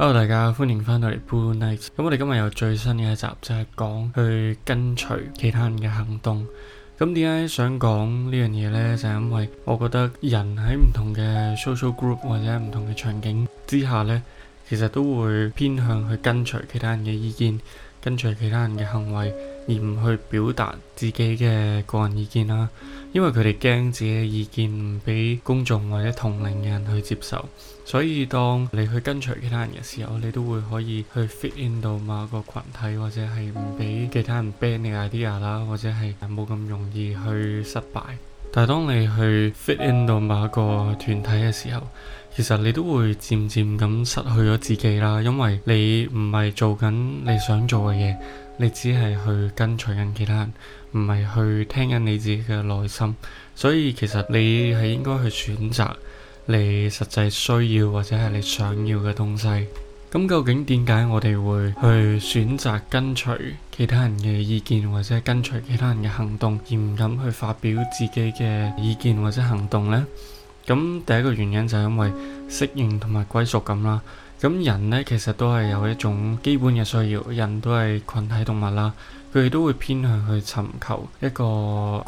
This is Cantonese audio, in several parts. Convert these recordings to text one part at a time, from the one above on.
Hello，大家歡迎翻到嚟《Boon Nights》。嗯，咁我哋今日有最新嘅一集，就係講去跟隨其他人嘅行動。咁點解想講呢樣嘢呢？就係因為我覺得人喺唔同嘅 social group 或者唔同嘅場景之下呢，其實都會偏向去跟隨其他人嘅意見，跟隨其他人嘅行為，而唔去表達自己嘅個人意見啦，因為佢哋驚自己嘅意見唔俾公眾或者同齡嘅人去接受，所以當你去跟隨其他人嘅時候，你都會可以去 fit in 到某一個群體，或者係唔俾其他人 ban 你 idea 啦，或者係冇咁容易去失敗。但係當你去 fit in 到某一個團體嘅時候，其實你都會漸漸咁失去咗自己啦，因為你唔係做緊你想做嘅嘢。你只係去跟隨緊其他人，唔係去聽緊你自己嘅內心，所以其實你係應該去選擇你實際需要或者係你想要嘅東西。咁究竟點解我哋會去選擇跟隨其他人嘅意見，或者跟隨其他人嘅行動，而唔敢去發表自己嘅意見或者行動呢？咁第一個原因就係因為適應同埋歸屬感啦。咁人呢其實都係有一種基本嘅需要，人都係群體動物啦，佢哋都會偏向去尋求一個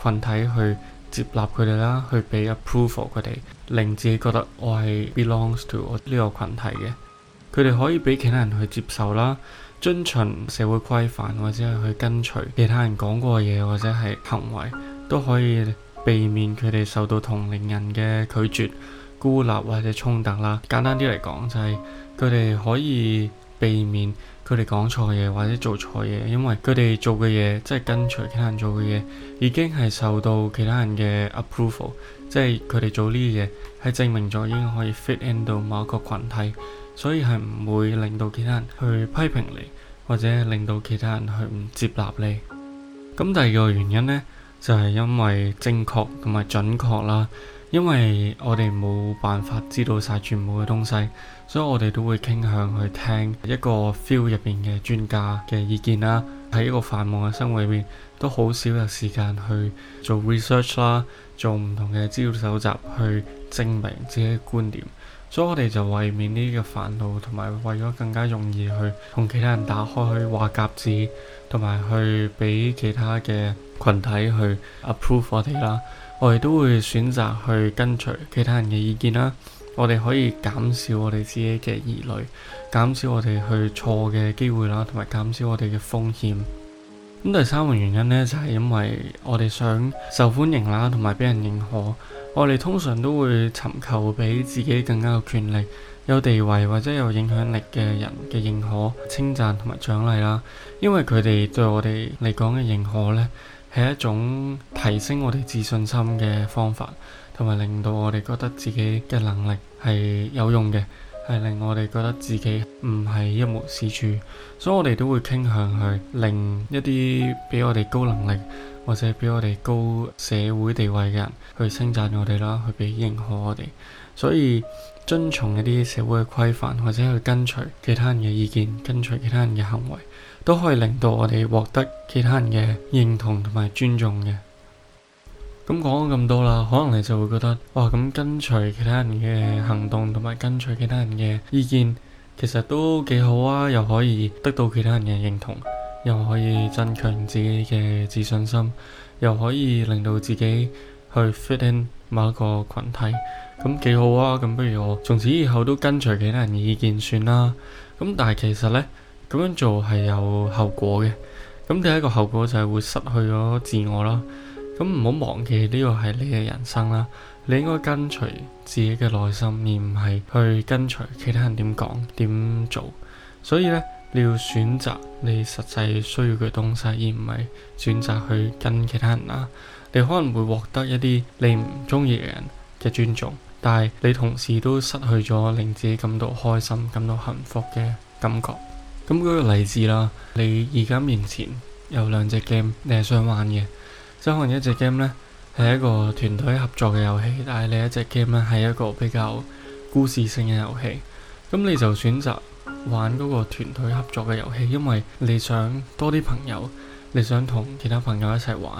羣體去接納佢哋啦，去俾 approval 佢哋，令自己覺得我係 belongs to 我呢個羣體嘅。佢哋可以俾其他人去接受啦，遵循社會規範，或者係去跟隨其他人講過嘅嘢或者係行為都可以。避免佢哋受到同齡人嘅拒絕、孤立或者衝突啦。簡單啲嚟講，就係佢哋可以避免佢哋講錯嘢或者做錯嘢，因為佢哋做嘅嘢即係跟隨其他人做嘅嘢，已經係受到其他人嘅 approval，即係佢哋做呢啲嘢係證明咗已經可以 fit in 到某一個群體，所以係唔會令到其他人去批評你，或者令到其他人去唔接納你。咁第二個原因呢？就係因為精確同埋準確啦，因為我哋冇辦法知道晒全部嘅東西，所以我哋都會傾向去聽一個 feel 入邊嘅專家嘅意見啦。喺一個繁忙嘅生活裏面，都好少有時間去做 research 啦，做唔同嘅資料搜集去證明自己嘅觀點。所以我哋就為免呢個煩惱，同埋為咗更加容易去同其他人打開去話匣子，同埋去俾其他嘅群體去 approve 我哋啦，我哋都會選擇去跟隨其他人嘅意見啦。我哋可以減少我哋自己嘅疑慮，減少我哋去錯嘅機會啦，同埋減少我哋嘅風險。咁第三個原因呢，就係因為我哋想受歡迎啦，同埋俾人認可。我哋通常都會尋求比自己更加有權力、有地位或者有影響力嘅人嘅認可、稱讚同埋獎勵啦。因為佢哋對我哋嚟講嘅認可呢，係一種提升我哋自信心嘅方法，同埋令到我哋覺得自己嘅能力係有用嘅。係令我哋覺得自己唔係一無是處，所以我哋都會傾向去令一啲比我哋高能力或者比我哋高社會地位嘅人去稱讚我哋啦，去俾認可我哋。所以遵從一啲社會嘅規範，或者去跟隨其他人嘅意見，跟隨其他人嘅行為，都可以令到我哋獲得其他人嘅認同同埋尊重嘅。咁講咗咁多啦，可能你就會覺得哇，咁跟隨其他人嘅行動同埋跟隨其他人嘅意見，其實都幾好啊，又可以得到其他人嘅認同，又可以增強自己嘅自信心，又可以令到自己去 fit in 某一個群體，咁幾好啊！咁不如我從此以後都跟隨其他人嘅意見算啦。咁但係其實呢，咁樣做係有後果嘅。咁第一個後果就係會失去咗自我啦。咁唔好忘記呢個係你嘅人生啦。你應該跟隨自己嘅內心，而唔係去跟隨其他人點講點做。所以呢，你要選擇你實際需要嘅東西，而唔係選擇去跟其他人啦。你可能會獲得一啲你唔中意嘅人嘅尊重，但係你同時都失去咗令自己感到開心、感到幸福嘅感覺。咁舉個例子啦，你而家面前有兩隻 game，你係想玩嘅。可能一隻 game 咧係一個團隊合作嘅遊戲，但係另一隻 game 咧係一個比較故事性嘅遊戲。咁你就選擇玩嗰個團隊合作嘅遊戲，因為你想多啲朋友，你想同其他朋友一齊玩。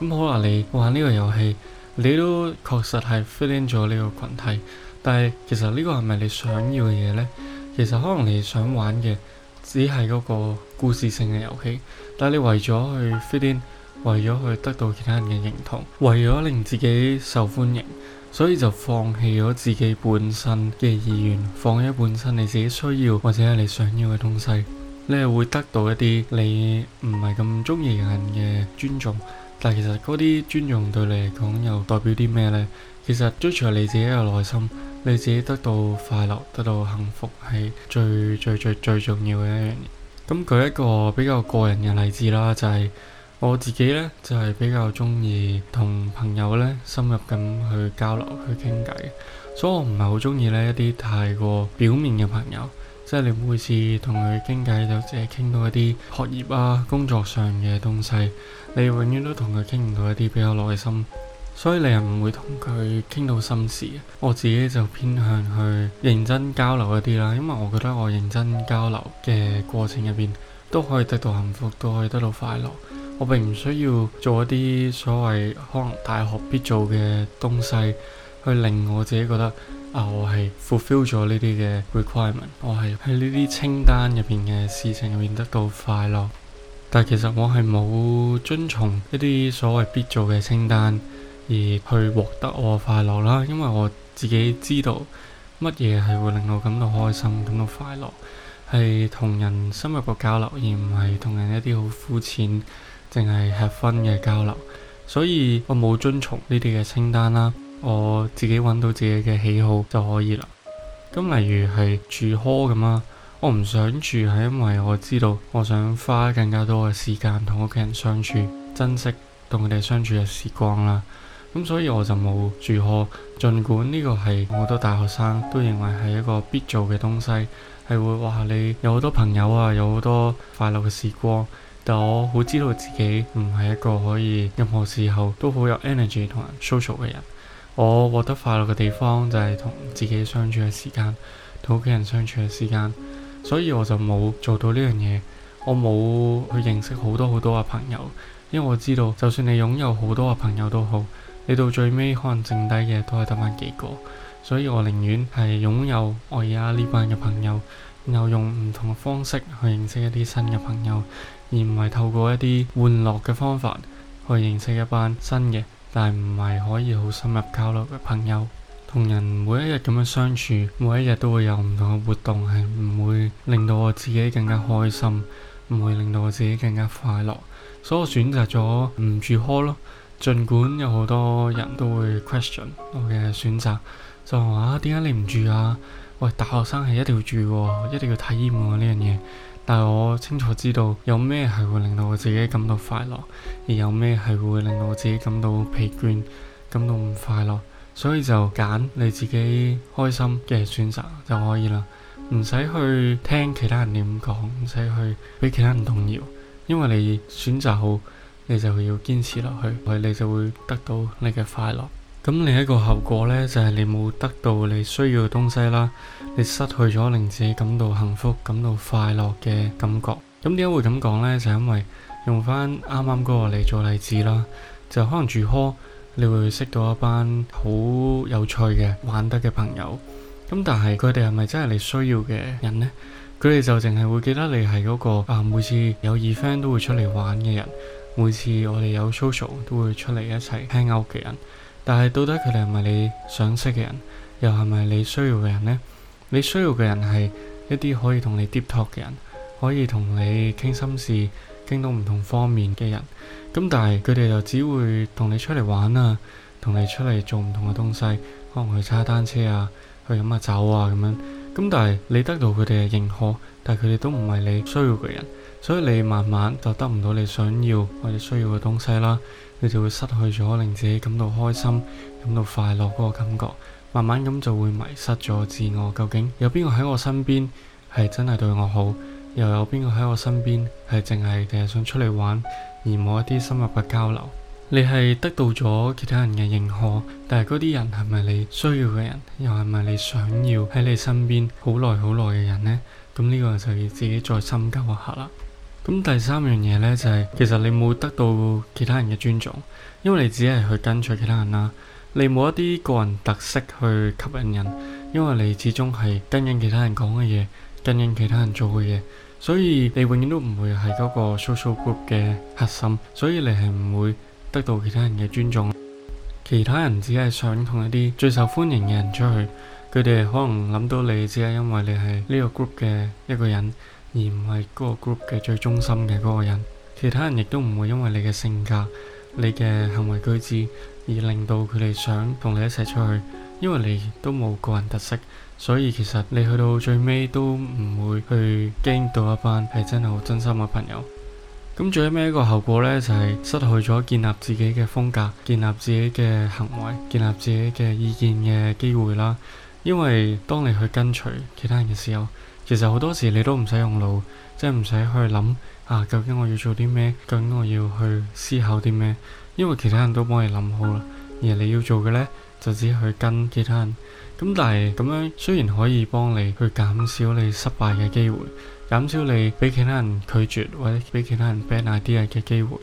咁可能，你玩呢個遊戲，你都確實係 fit in 咗呢個羣體。但係其實呢個係咪你想要嘅嘢呢？其實可能你想玩嘅只係嗰個故事性嘅遊戲，但係你為咗去 fit in。為咗去得到其他人嘅認同，為咗令自己受歡迎，所以就放棄咗自己本身嘅意願，放棄咗本身你自己需要或者係你想要嘅東西，你係會得到一啲你唔係咁中意人嘅尊重。但係其實嗰啲尊重對你嚟講又代表啲咩呢？其實，追隨你自己嘅內心，你自己得到快樂、得到幸福係最最最最重要嘅一樣嘢。咁舉一個比較個人嘅例子啦，就係，是。我自己呢就係比較中意同朋友呢深入咁去交流去傾偈，所以我唔係好中意呢一啲太過表面嘅朋友，即係你每次同佢傾偈就只係傾到一啲學業啊、工作上嘅東西，你永遠都同佢傾唔到一啲比較耐心，所以你又唔會同佢傾到心事嘅。我自己就偏向去認真交流一啲啦，因為我覺得我認真交流嘅過程入邊都可以得到幸福，都可以得到快樂。我並唔需要做一啲所謂可能大學必做嘅東西，去令我自己覺得啊，我係 fulfill 咗呢啲嘅 requirement，我係喺呢啲清單入邊嘅事情入面得到快樂。但其實我係冇遵從一啲所謂必做嘅清單而去獲得我快樂啦，因為我自己知道乜嘢係會令我感到開心、感到快樂，係同人深入個交流，而唔係同人一啲好膚淺。淨係吃分嘅交流，所以我冇遵從呢啲嘅清單啦。我自己揾到自己嘅喜好就可以啦。咁例如係住 hall 咁啦，我唔想住係因為我知道我想花更加多嘅時間同屋企人相處，珍惜同佢哋相處嘅時光啦。咁所以我就冇住 hall。儘管呢個係好多大學生都認為係一個必做嘅東西，係會話你有好多朋友啊，有好多快樂嘅時光。但我好知道自己唔係一個可以任何時候都好有 energy 同 social 嘅人。我獲得快樂嘅地方就係同自己相處嘅時間，同屋企人相處嘅時間。所以我就冇做到呢樣嘢。我冇去認識好多好多嘅朋友，因為我知道就算你擁有好多嘅朋友都好，你到最尾可能剩低嘅都係得翻幾個。所以我寧願係擁有我而家呢班嘅朋友。然後用唔同嘅方式去認識一啲新嘅朋友，而唔係透過一啲玩樂嘅方法去認識一班新嘅，但係唔係可以好深入交流嘅朋友。同人每一日咁樣相處，每一日都會有唔同嘅活動，係唔會令到我自己更加開心，唔會令到我自己更加快樂。所以我選擇咗唔住 hall 咯。儘管有好多人都會 question 我嘅選擇，就話啊點解你唔住啊？喂，大學生係一定要注意喎，一定要體驗喎呢樣嘢。但係我清楚知道有咩係會令到我自己感到快樂，而有咩係會令到我自己感到疲倦、感到唔快樂。所以就揀你自己開心嘅選擇就可以啦，唔使去聽其他人點講，唔使去俾其他人動搖。因為你選擇好，你就要堅持落去，你你就會得到你嘅快樂。咁另一個後果呢，就係、是、你冇得到你需要嘅東西啦，你失去咗令自己感到幸福、感到快樂嘅感覺。咁點解會咁講呢？就是，因為用翻啱啱嗰個嚟做例子啦，就可能住科你會識到一班好有趣嘅玩得嘅朋友，咁但係佢哋係咪真係你需要嘅人呢？佢哋就淨係會記得你係嗰、那個啊，每次有意 friend 都會出嚟玩嘅人，每次我哋有 social 都會出嚟一齊 hang out 嘅人。但係到底佢哋係咪你想識嘅人，又係咪你需要嘅人呢？你需要嘅人係一啲可以同你 deep talk 嘅人，可以同你傾心事，傾到唔同方面嘅人。咁但係佢哋就只會同你出嚟玩啊，同你出嚟做唔同嘅東西，可能去踩單車啊，去飲下酒啊咁樣。咁但係你得到佢哋嘅認可，但係佢哋都唔係你需要嘅人。所以你慢慢就得唔到你想要或者需要嘅東西啦，你就會失去咗令自己感到開心、感到快樂嗰個感覺。慢慢咁就會迷失咗自我。究竟有邊個喺我身邊係真係對我好，又有邊個喺我身邊係淨係定係想出嚟玩而冇一啲深入嘅交流？你係得到咗其他人嘅認可，但係嗰啲人係咪你需要嘅人，又係咪你想要喺你身邊好耐好耐嘅人咧？咁呢個就要自己再深究一下啦。咁第三樣嘢呢，就係其實你冇得到其他人嘅尊重，因為你只係去跟隨其他人啦，你冇一啲個人特色去吸引人，因為你始終係跟緊其他人講嘅嘢，跟緊其他人做嘅嘢，所以你永遠都唔會係嗰個 social group 嘅核心，所以你係唔會得到其他人嘅尊重。其他人只係想同一啲最受歡迎嘅人出去，佢哋可能諗到你只係因為你係呢個 group 嘅一個人。而唔係嗰個 group 嘅最中心嘅嗰個人，其他人亦都唔會因為你嘅性格、你嘅行為舉止而令到佢哋想同你一齊出去，因為你都冇個人特色，所以其實你去到最尾都唔會去經到一班係真係好真心嘅朋友。咁最尾一個後果呢，就係失去咗建立自己嘅風格、建立自己嘅行為、建立自己嘅意見嘅機會啦。因為當你去跟隨其他人嘅時候，其實好多時你都唔使用腦，即係唔使去諗啊，究竟我要做啲咩？究竟我要去思考啲咩？因為其他人都幫你諗好啦，而你要做嘅呢，就只係去跟其他人。咁但係咁樣雖然可以幫你去減少你失敗嘅機會，減少你俾其他人拒絕或者俾其他人 bad idea 嘅機會。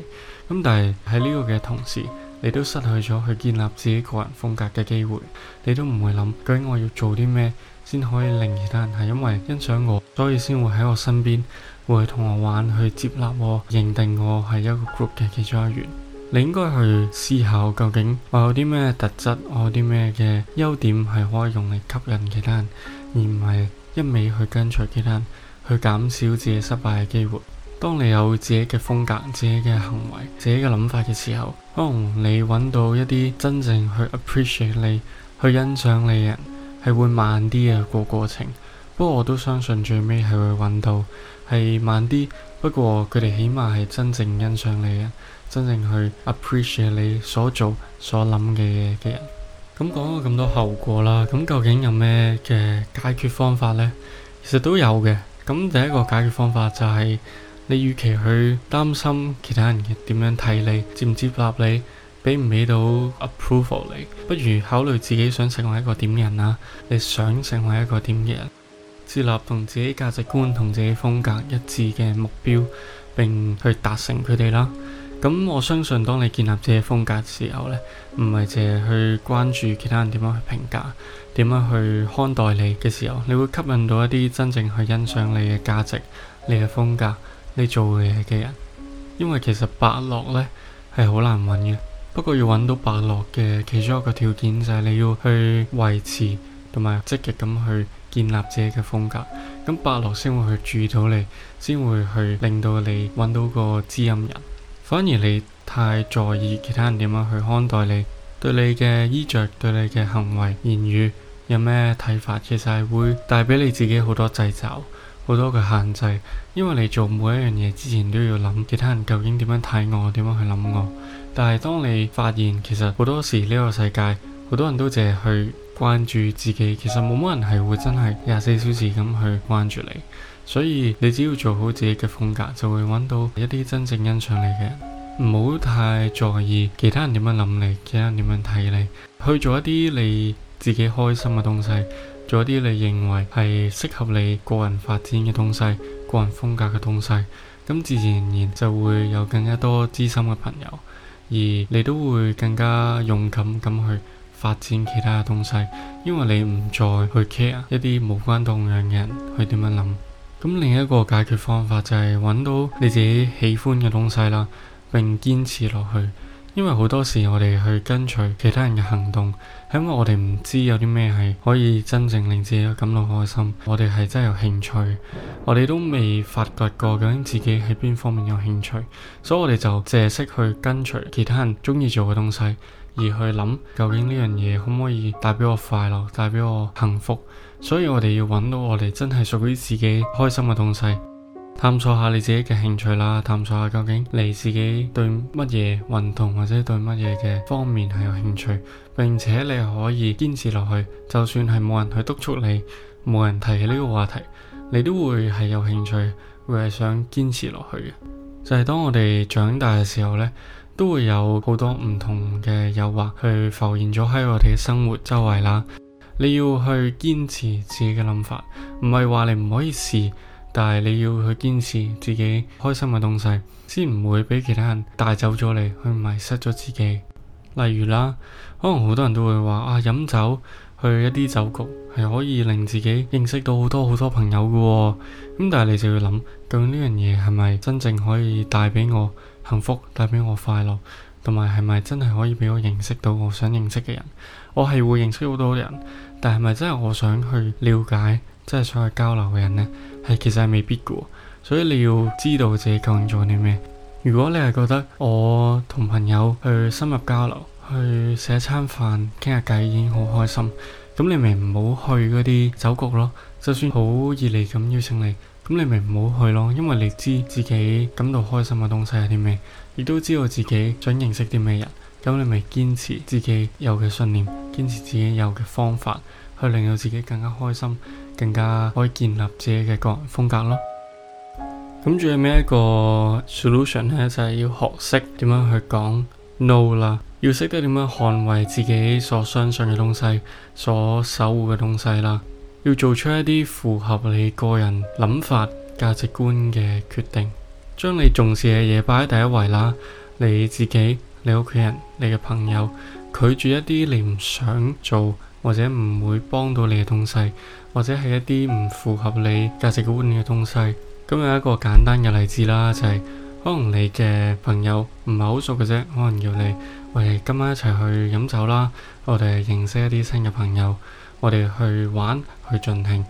咁但係喺呢個嘅同時，你都失去咗去建立自己個人風格嘅機會，你都唔會諗究竟我要做啲咩？先可以令其他人係因為欣賞我，所以先會喺我身邊，會同我玩，去接納我，認定我係一個 group 嘅其中一員。你應該去思考，究竟我有啲咩特質，我有啲咩嘅優點，係可以用嚟吸引其他人，而唔係一味去跟隨其他人，去減少自己失敗嘅機會。當你有自己嘅風格、自己嘅行為，自己嘅諗法嘅時候，當你揾到一啲真正去 appreciate 你、去欣賞你嘅人。係會慢啲啊個過程，不過我都相信最尾係會搵到係慢啲，不過佢哋起碼係真正欣賞你呀，真正去 appreciate 你所做所諗嘅嘅人。咁講咗咁多後果啦，咁究竟有咩嘅解決方法呢？其實都有嘅。咁第一個解決方法就係你與其去擔心其他人嘅點樣睇你，接唔接納你。俾唔俾到 approval 你，不如考慮自己想成為一個點嘅人啦。你想成為一個點嘅人，設立同自己價值觀同自己風格一致嘅目標，並去達成佢哋啦。咁我相信，當你建立自己風格嘅時候呢，唔係淨係去關注其他人點樣去評價、點樣去看待你嘅時候，你會吸引到一啲真正去欣賞你嘅價值、你嘅風格、你做嘢嘅人。因為其實伯樂呢，係好難揾嘅。不過要揾到伯樂嘅其中一個條件就係你要去維持同埋積極咁去建立自己嘅風格，咁伯樂先會去注意到你，先會去令到你揾到個知音人。反而你太在意其他人點樣去看待你，對你嘅衣着，對你嘅行為言語有咩睇法，其實係會帶俾你自己好多掣肘。好多嘅限制，因為你做每一樣嘢之前都要諗其他人究竟點樣睇我，點樣去諗我。但係當你發現其實好多時呢個世界好多人都淨係去關注自己，其實冇乜人係會真係廿四小時咁去關注你。所以你只要做好自己嘅風格，就會揾到一啲真正欣賞你嘅人。唔好太在意其他人點樣諗你，其他人點樣睇你，去做一啲你自己開心嘅東西。有啲你認為係適合你個人發展嘅東西、個人風格嘅東西，咁自然而然就會有更加多知心嘅朋友，而你都會更加勇敢咁去發展其他嘅東西，因為你唔再去 care 一啲無關痛癢嘅人去點樣諗。咁另一個解決方法就係揾到你自己喜歡嘅東西啦，並堅持落去。因為好多時我哋去跟隨其他人嘅行動，係因為我哋唔知有啲咩係可以真正令自己感到開心，我哋係真係有興趣，我哋都未發掘過究竟自己喺邊方面有興趣，所以我哋就借勢去跟隨其他人中意做嘅東西，而去諗究竟呢樣嘢可唔可以帶俾我快樂，帶俾我幸福，所以我哋要揾到我哋真係屬於自己開心嘅東西。探索下你自己嘅興趣啦，探索下究竟你自己對乜嘢運動或者對乜嘢嘅方面係有興趣，並且你可以堅持落去，就算係冇人去督促你，冇人提起呢個話題，你都會係有興趣，會係想堅持落去嘅。就係當我哋長大嘅時候呢，都會有好多唔同嘅誘惑去浮現咗喺我哋嘅生活周圍啦。你要去堅持自己嘅諗法，唔係話你唔可以試。但係你要去堅持自己開心嘅東西，先唔會俾其他人帶走咗你，去迷失咗自己。例如啦，可能好多人都會話啊，飲酒去一啲酒局，係可以令自己認識到好多好多朋友嘅哦。咁但係你就要諗，究竟呢樣嘢係咪真正可以帶俾我幸福，帶俾我快樂，同埋係咪真係可以俾我認識到我想認識嘅人？我係會認識好多人，但係咪真係我想去了解？即係想去交流嘅人呢，係其實係未必嘅。所以你要知道自己究竟做啲咩。如果你係覺得我同朋友去深入交流，去食餐飯傾下偈已經好開心，咁你咪唔好去嗰啲酒局咯。就算好熱烈咁邀請你，咁你咪唔好去咯。因為你知自己感到開心嘅東西係啲咩，亦都知道自己想認識啲咩人。咁你咪堅持自己有嘅信念，堅持自己有嘅方法，去令到自己更加開心。更加可以建立自己嘅個人風格咯。咁最尾一個 solution 呢？就係、是、要學識點樣去講 no 啦，要識得點樣捍衛自己所相信嘅東西、所守護嘅東西啦。要做出一啲符合你個人諗法、價值觀嘅決定，將你重視嘅嘢擺喺第一位啦。你自己、你屋企人、你嘅朋友，拒絕一啲你唔想做。或者唔會幫到你嘅東西，或者係一啲唔符合你價值觀嘅東西。咁有一個簡單嘅例子啦，就係、是、可能你嘅朋友唔係好熟嘅啫，可能要你喂，今晚一齊去飲酒啦，我哋認識一啲新嘅朋友，我哋去玩去盡興，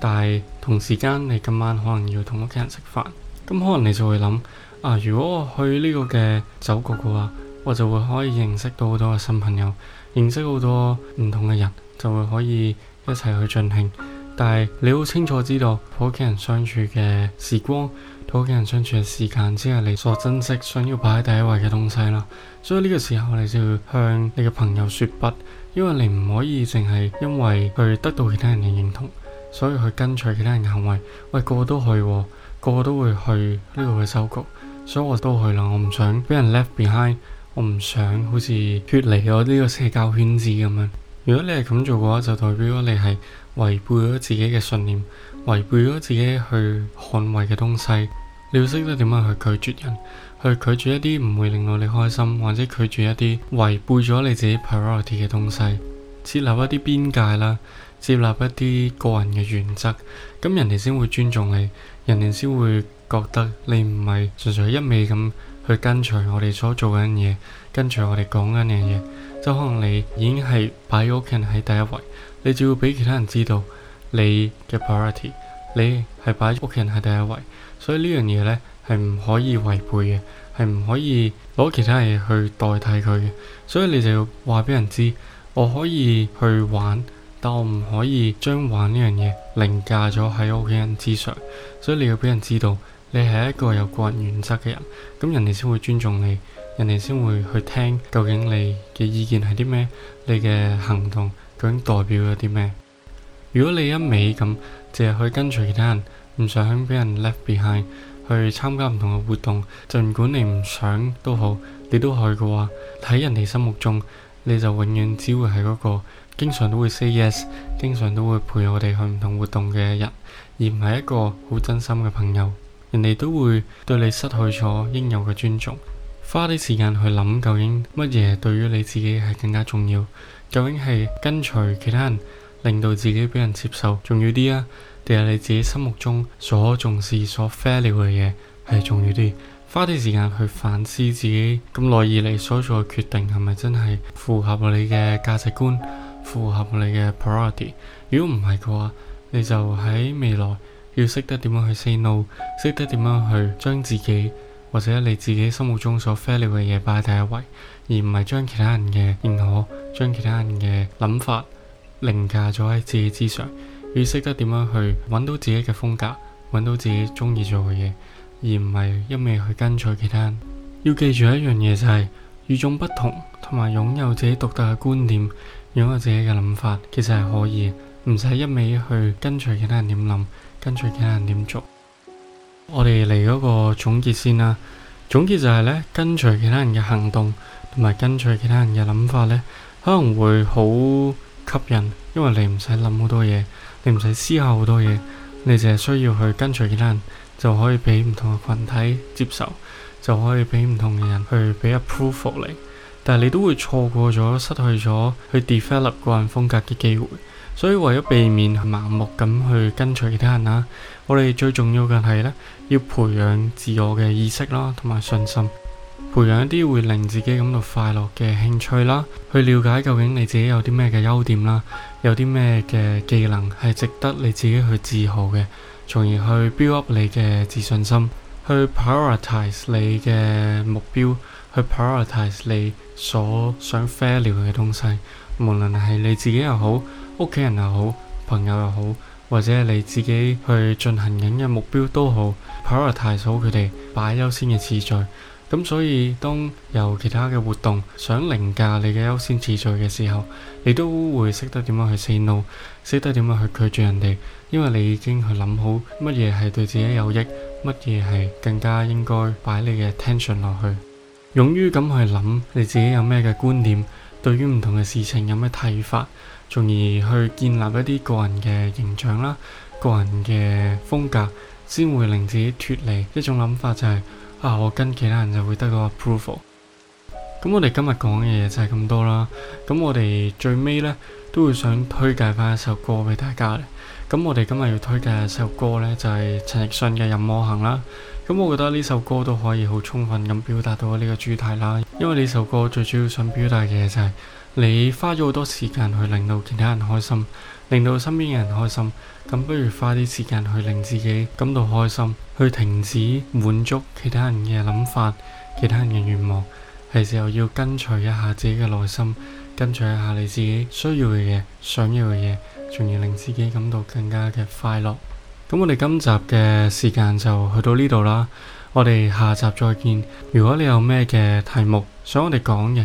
但係同時間你今晚可能要同屋企人食飯，咁可能你就會諗啊，如果我去呢個嘅酒局嘅話。我就會可以認識到好多嘅新朋友，認識好多唔同嘅人，就會可以一齊去進行。但係你好清楚知道，同屋企人相處嘅時光，同屋企人相處嘅時間，只係你所珍惜、想要擺喺第一位嘅東西啦。所以呢個時候，你就要向你嘅朋友說不，因為你唔可以淨係因為去得到其他人嘅認同，所以去跟隨其他人嘅行為。喂，個個都去、哦，個個都會去呢個嘅收局，所以我都去啦。我唔想俾人 left behind。我唔想好似脫離咗呢個社交圈子咁樣。如果你係咁做嘅話，就代表咗你係違背咗自己嘅信念，違背咗自己去捍衞嘅東西。你要識得點樣去拒絕人，去拒絕一啲唔會令到你開心，或者拒絕一啲違背咗你自己 priority 嘅東西。設立一啲邊界啦，設立一啲個人嘅原則，咁人哋先會尊重你，人哋先會覺得你唔係純粹一味咁。去跟隨我哋所做緊嘢，跟隨我哋講緊嘅嘢，就可能你已經係擺屋企人喺第一位，你就要俾其他人知道你嘅 priority，你係擺屋企人喺第一位，所以呢樣嘢呢，係唔可以違背嘅，係唔可以攞其他嘢去代替佢嘅，所以你就要話俾人知，我可以去玩，但我唔可以將玩呢樣嘢凌駕咗喺屋企人之上，所以你要俾人知道。你係一個有個人原則嘅人，咁人哋先會尊重你，人哋先會去聽究竟你嘅意見係啲咩，你嘅行動究竟代表咗啲咩。如果你一味咁淨係去跟隨其他人，唔想俾人 left behind，去參加唔同嘅活動，儘管你唔想都好，你都去嘅話，喺人哋心目中你就永遠只會係嗰個經常都會 say yes，經常都會陪我哋去唔同活動嘅人，而唔係一個好真心嘅朋友。人哋都會對你失去咗應有嘅尊重。花啲時間去諗究竟乜嘢對於你自己係更加重要？究竟係跟隨其他人令到自己俾人接受，重要啲啊，定係你自己心目中所重視、所 value 嘅嘢係重要啲？花啲時間去反思自己咁耐以嚟所做嘅決定係咪真係符合你嘅價值觀、符合你嘅 priority？如果唔係嘅話，你就喺未來。要識得點樣去 say no，識得點樣去將自己或者你自己心目中所 value 嘅嘢擺喺第一位，而唔係將其他人嘅認可，將其他人嘅諗法凌駕咗喺自己之上。要識得點樣去揾到自己嘅風格，揾到自己中意做嘅嘢，而唔係一味去跟隨其他人。要記住一樣嘢就係與眾不同，同埋擁有自己獨特嘅觀點，擁有自己嘅諗法，其實係可以唔使一味去跟隨其他人點諗。跟隨其他人點做。我哋嚟嗰個總結先啦。總結就係呢：跟隨其他人嘅行動同埋跟隨其他人嘅諗法呢，可能會好吸引，因為你唔使諗好多嘢，你唔使思考好多嘢，你淨係需要去跟隨其他人，就可以俾唔同嘅群體接受，就可以俾唔同嘅人去俾 approve 你。但係你都會錯過咗，失去咗去 develop 個人風格嘅機會。所以為咗避免盲目咁去跟隨其他人啦，我哋最重要嘅係呢：要培養自我嘅意識啦，同埋信心，培養一啲會令自己感到快樂嘅興趣啦，去了解究竟你自己有啲咩嘅優點啦，有啲咩嘅技能係值得你自己去自豪嘅，從而去 build up 你嘅自信心，去 prioritise 你嘅目標，去 prioritize 你所想 fail 嘅東西，無論係你自己又好。屋企人又好，朋友又好，或者你自己去進行緊嘅目標都好，prioritize 佢哋擺優先嘅次序。咁所以，當由其他嘅活動想凌駕你嘅優先次序嘅時候，你都會識得點樣去 say no，識得點樣去拒絕人哋，因為你已經去諗好乜嘢係對自己有益，乜嘢係更加應該擺你嘅 attention 落去。勇於咁去諗你自己有咩嘅觀點，對於唔同嘅事情有咩睇法。從而去建立一啲個人嘅形象啦，個人嘅風格，先會令自己脫離一種諗法，就係啊，我跟其他人就會得到 approval。咁我哋今日講嘅嘢就係咁多啦。咁我哋最尾呢都會想推介翻一首歌俾大家嘅。咁我哋今日要推介嘅首歌呢就係陳奕迅嘅《任我行》啦。咁我覺得呢首歌都可以好充分咁表達到呢個主題啦。因為呢首歌最主要想表達嘅就係～你花咗好多時間去令到其他人開心，令到身邊嘅人開心，咁不如花啲時間去令自己感到開心，去停止滿足其他人嘅諗法、其他人嘅願望，係時候要跟隨一下自己嘅內心，跟隨一下你自己需要嘅嘢、想要嘅嘢，從而令自己感到更加嘅快樂。咁我哋今集嘅時間就去到呢度啦，我哋下集再見。如果你有咩嘅題目想我哋講嘅？